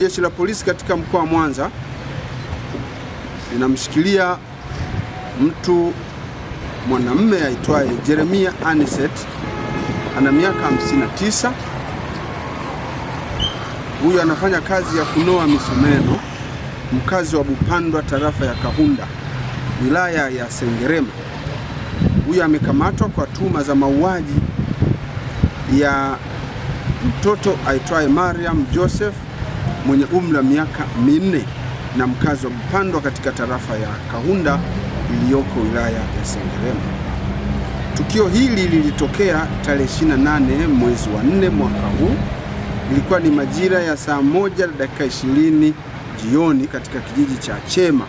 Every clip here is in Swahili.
Jeshi la polisi katika mkoa wa Mwanza linamshikilia mtu mwanamume aitwaye Jeremia Aniset, ana miaka 59. Huyu anafanya kazi ya kunoa misumeno, mkazi wa Bupandwa, tarafa ya Kahunda, wilaya ya Sengerema. Huyu amekamatwa kwa tuhuma za mauaji ya mtoto aitwaye Mariam Joseph mwenye umri wa miaka minne na mkazi wa Mpandwa katika tarafa ya Kahunda iliyoko wilaya ya Sengerema. Tukio hili lilitokea tarehe 28 mwezi wa 4 mwaka huu. Ilikuwa ni majira ya saa moja na dakika 20 jioni katika kijiji cha Chema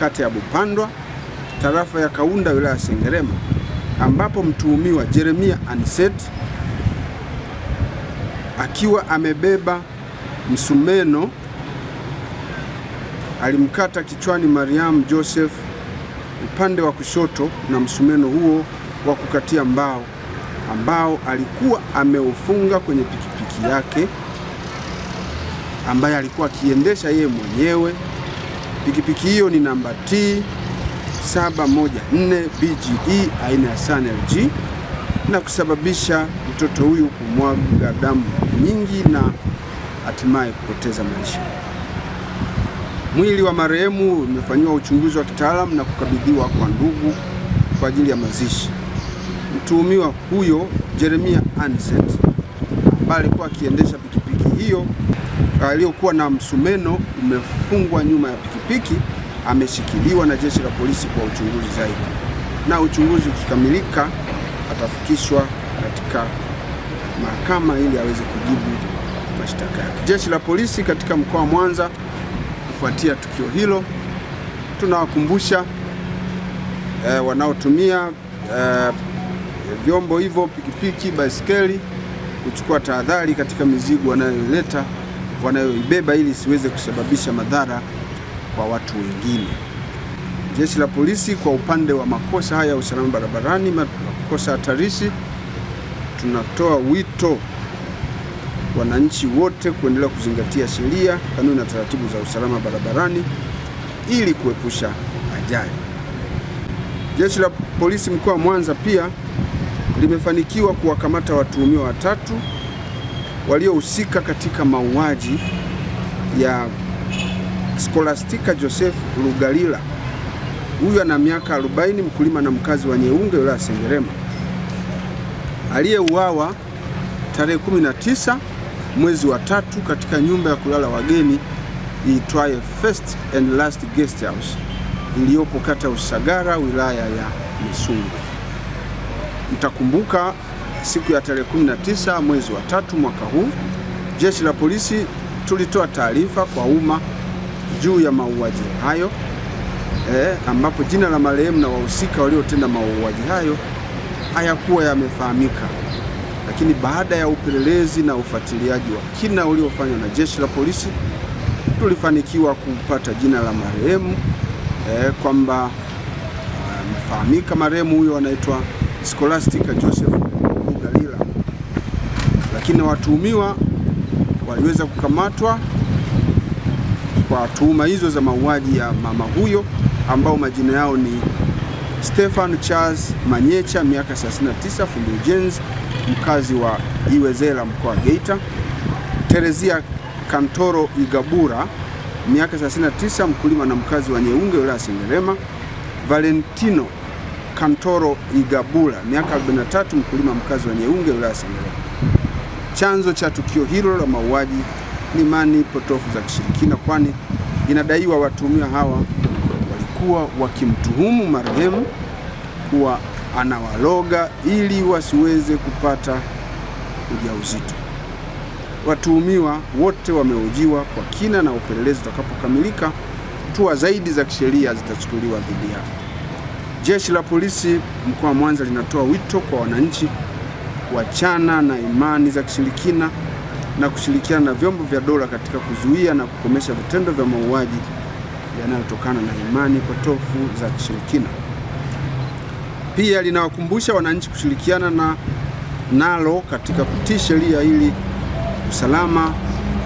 kata ya Bupandwa tarafa ya Kaunda wilaya ya Sengerema ambapo mtuhumiwa Jeremia Aniset akiwa amebeba msumeno alimkata kichwani Mariam Joseph upande wa kushoto na msumeno huo wa kukatia mbao ambao alikuwa ameufunga kwenye pikipiki yake ambaye alikuwa akiendesha yeye mwenyewe. Pikipiki hiyo ni namba T 714 BGE aina ya SANLG na kusababisha mtoto huyu kumwaga damu nyingi na hatimaye kupoteza maisha. Mwili wa marehemu umefanyiwa uchunguzi wa kitaalamu na kukabidhiwa kwa ndugu kwa ajili ya mazishi. Mtuhumiwa huyo Jeremia Anset ambaye alikuwa akiendesha pikipiki hiyo aliyokuwa na msumeno umefungwa nyuma ya pikipiki ameshikiliwa na jeshi la polisi kwa uchunguzi zaidi, na uchunguzi ukikamilika atafikishwa katika mahakama ili aweze kujibu mashtaka yake. Jeshi la polisi katika mkoa wa Mwanza. Kufuatia tukio hilo, tunawakumbusha e, wanaotumia e, vyombo hivyo pikipiki, baiskeli kuchukua tahadhari katika mizigo wanayoileta wanayoibeba ili siweze kusababisha madhara kwa watu wengine. Jeshi la polisi kwa upande wa makosa haya ya usalama barabarani, makosa hatarishi, tunatoa wito wananchi wote kuendelea kuzingatia sheria, kanuni na taratibu za usalama barabarani ili kuepusha ajali. Jeshi la Polisi mkoa wa Mwanza pia limefanikiwa kuwakamata watuhumiwa watatu waliohusika katika mauaji ya Scholastica Joseph Lugalila. Huyu ana miaka 40, mkulima na mkazi wa Nyeunge, wilaya ya Sengerema, aliyeuawa tarehe 19 mwezi wa tatu katika nyumba ya kulala wageni iitwaye First and Last Guest House iliyopo kata Usagara wilaya ya Misungwi. Mtakumbuka siku ya tarehe 19 mwezi wa tatu mwaka huu, jeshi la polisi tulitoa taarifa kwa umma juu ya mauaji hayo eh, ambapo jina la marehemu na wahusika waliotenda mauaji hayo hayakuwa yamefahamika. Lakini baada ya upelelezi na ufuatiliaji wa kina uliofanywa na jeshi la polisi, tulifanikiwa kupata jina la marehemu eh, kwamba ah, amefahamika. Marehemu huyo anaitwa Scholastica Joseph Mugalila, lakini watuhumiwa waliweza kukamatwa kwa tuhuma hizo za mauaji ya mama huyo ambao majina yao ni Stefan Charles Manyecha miaka 39, fundi ujenzi, mkazi wa Iwezela mkoa wa Geita. Terezia Kantoro Igabura miaka 39, mkulima na mkazi wa Nyeunge wilaya Sengerema. Valentino Kantoro Igabura miaka 43, mkulima mkazi wa Nyeunge wilaya Sengerema. Chanzo cha tukio hilo la mauaji ni imani potofu za kishirikina, kwani inadaiwa watuhumiwa hawa walikuwa wakimtuhumu marehemu alikuwa anawaloga ili wasiweze kupata ujauzito. Watuhumiwa wote wameojiwa kwa kina na upelelezi utakapokamilika, hatua zaidi za kisheria zitachukuliwa dhidi yao. Jeshi la Polisi mkoa wa Mwanza linatoa wito kwa wananchi kuachana na imani za kishirikina na kushirikiana na vyombo vya dola katika kuzuia na kukomesha vitendo vya mauaji yanayotokana na imani potofu za kishirikina. Pia linawakumbusha wananchi kushirikiana na nalo katika kutii sheria ili usalama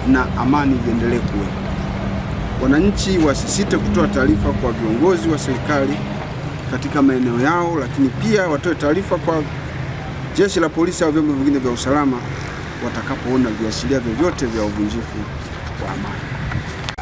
na amani viendelee kuwepo. Wananchi wasisite kutoa taarifa kwa viongozi wa serikali katika maeneo yao, lakini pia watoe taarifa kwa jeshi la polisi au vyombo vingine vya usalama watakapoona viashiria vyovyote vya uvunjifu wa amani.